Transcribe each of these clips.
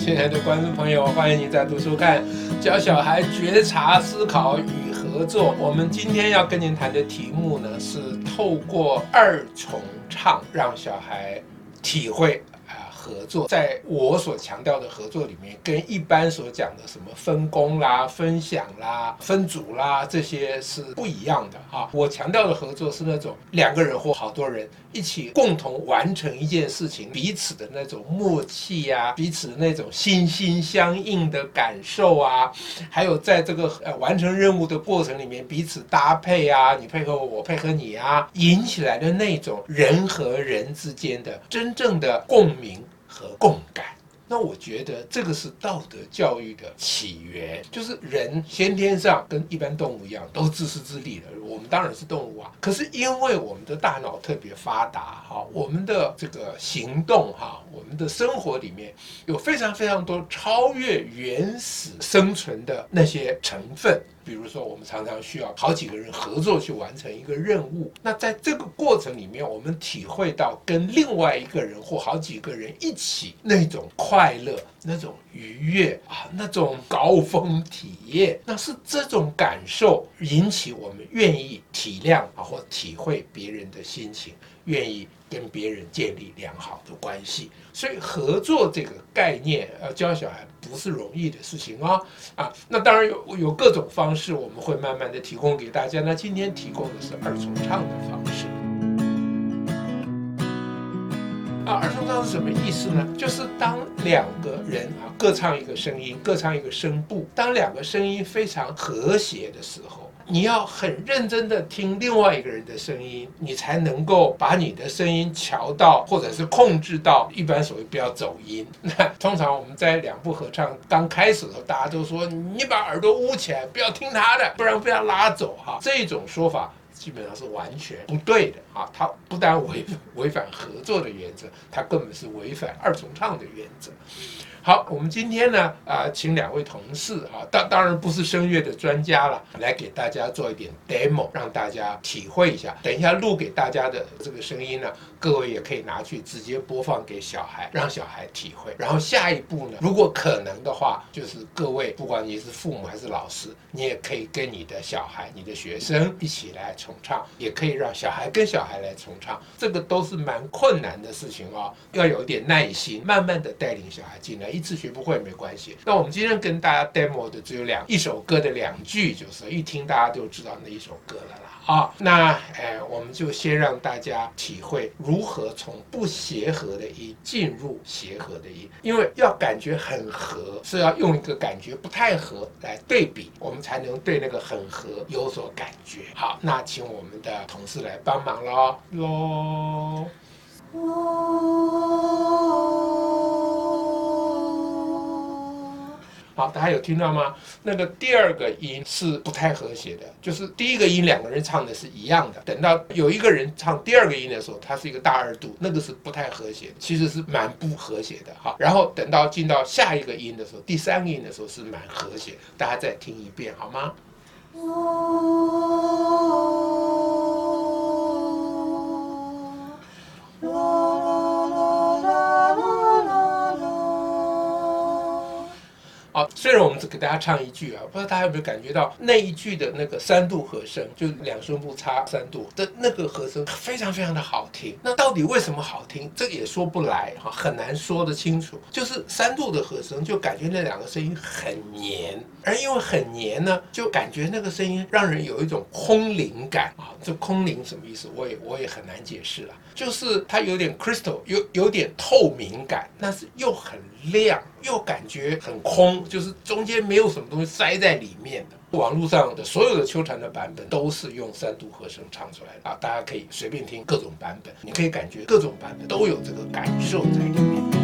親愛的觀眾朋友，歡迎你再度收看《教小孩覺察思考與合作》。我們今天要跟您談的題目呢，是透過二重唱讓小孩體會。合作，在我所強調的合作裡面，跟一般所講的什麼分工啦、分享啦、分組啦，這些是不一樣的啊。我強調的合作是那種兩個人或好多人一起共同完成一件事情，彼此的那種默契呀，啊，彼此那種心心相印的感受啊，還有在這個，呃，完成任務的過程裡面，彼此搭配啊，你配合我，我配合你啊，引起來的那種人和人之間的真正的共鳴和共感。那我覺得這個是道德教育的起源，就是人先天上跟一般動物一樣，都自私自利的。我們當然是動物啊，可是因為我們的大腦特別發達，哈，我們的這個行動，哈，我們的生活裡面有非常非常多超越原始生存的那些成分。比如說，我們常常需要好幾個人合作去完成一個任務。那在這個過程裡面，我們體會到跟另外一個人或好幾個人一起那種快。快樂那種愉悅啊，那種高峰體驗，那是這種感受引起我們願意體諒啊或體會別人的心情，願意跟別人建立良好的關係。所以合作這個概念，呃，教小孩不是容易的事情啊、哦、啊。那當然有有各種方式，我們會慢慢的提供給大家。那今天提供的是二重唱的方式。那二重唱是什麼意思呢？就是當兩個人啊各唱一個聲音，各唱一個聲部。當兩個聲音非常和諧的時候，你要很認真的聽另外一個人的聲音，你才能夠把你的聲音調到或者是控制到一般所謂不要走音。那通常我們在兩部合唱剛開始的時候，大家都說你把耳朵捂起來，不要聽他的，不然不要拉走哈。這種說法。基本上是完全不對的啊！他不但違反違反合作的原則，他根本是違反二重唱的原則。好，我們今天呢，啊、呃，請兩位同事啊，當，當然不是聲樂的專家了，來給大家做一點 demo，讓大家體會一下。等一下錄給大家的這個聲音呢，各位也可以拿去直接播放給小孩，讓小孩體會。然後下一步呢，如果可能的話，就是各位不管你是父母還是老師，你也可以跟你的小孩、你的學生一起來重唱，也可以讓小孩跟小孩來重唱。這個都是蠻困難的事情哦，要有點耐心，慢慢的帶領小孩進來。一次學不會沒關係。那我們今天跟大家 demo 的只有兩一首歌的兩句，就是一聽大家就知道那一首歌了啦。好，那、呃、我們就先讓大家體會如何從不協和的音進入協和的音，因為要感覺很和，是要用一個感覺不太和來對比，我們才能對那個很和有所感覺。好，那請我們的同事來幫忙咯。嘍好，大家有聽到嗎？那個第二個音是不太和諧的，就是第一個音兩個人唱的是一樣的。等到有一個人唱第二個音的時候，它是一個大二度，那個是不太和諧的，其實是蠻不和諧的。好，然後等到進到下一個音的時候，第三個音的時候是蠻和諧。大家再聽一遍好嗎？哦雖然我們只給大家唱一句啊，不知道大家有沒有感覺到那一句的那個三度和聲，就兩聲部差三度的那個和聲非常非常的好聽。那到底為什麼好聽？這個也說不來哈，很難說得清楚。就是三度的和聲，就感覺那兩個聲音很黏，而因為很黏呢，就感覺那個聲音讓人有一種空靈感啊。這空靈什麼意思？我也我也很難解釋了。就是它有點 crystal，有有點透明感，但是又很。亮又感覺很空，就是中間沒有什麼東西塞在裡面的。網絡上的所有的秋蟬的版本都是用三度和聲唱出來的啊，大家可以隨便聽各種版本，你可以感覺各種版本都有這個感受在裡面。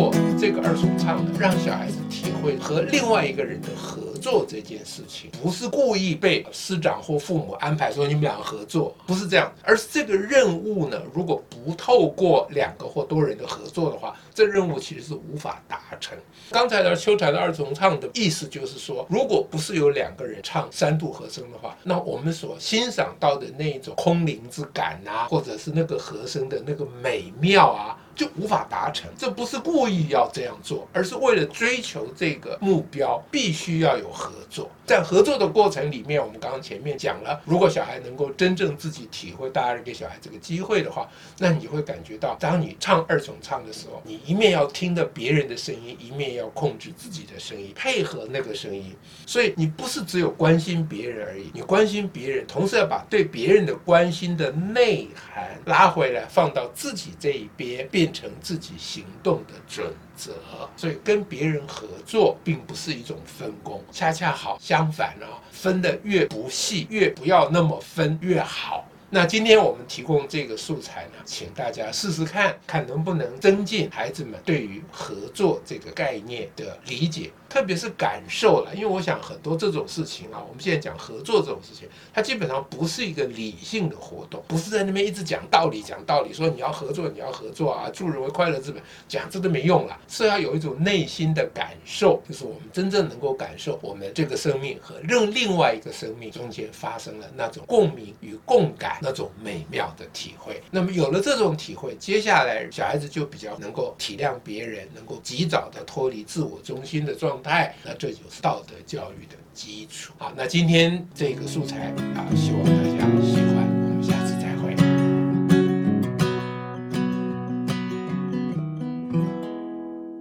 過這個二重唱的，讓小孩子體會和另外一個人的合作這件事情，不是故意被師長或父母安排說你們倆合作，不是這樣，而是這個任務呢，如果不透過兩個或多人的合作的話，這任務其實是無法達成。剛才的《秋蟬》的二重唱的意思就是說，如果不是有兩個人唱三度和聲的話，那我們所欣賞到的那一種空靈之感啊，或者是那個和聲的那個美妙啊，就無法達成，這不是故意要這樣做，而是為了追求這個目標，必須要有合作。在合作的過程裡面，我們剛剛前面講了，如果小孩能夠真正自己體會大人給小孩這個機會的話，那你會感覺到，當你唱二重唱的時候，你一面要聽到別人的聲音，一面要控制自己的聲音，配合那個聲音。所以你不是只有關心別人而已，你關心別人，同時要把對別人的關心的內涵拉回來，放到自己這一邊，變成自己行動的準則，所以跟別人合作並不是一種分工，恰恰好相反啊，分得越不細，越不要那麼分越好。那今天我們提供這個素材呢，請大家試試看看能不能增進孩子們對於合作這個概念的理解，特別是感受了。因為我想很多這種事情啊，我們現在講合作這種事情，它基本上不是一個理性的活動，不是在那邊一直講道理講道理，說你要合作，你要合作啊，助人為快樂之本，講這都沒用了，是要有一種內心的感受，就是我們真正能夠感受我們這個生命和另另外一個生命中間發生了那種共鳴與共感。那種美妙的體會，那麼有了這種體會，接下來小孩子就比較能夠體諒別人，能夠及早的脫離自我中心的狀態，那這就是道德教育的基礎。好，那今天這個素材啊，希望大家喜。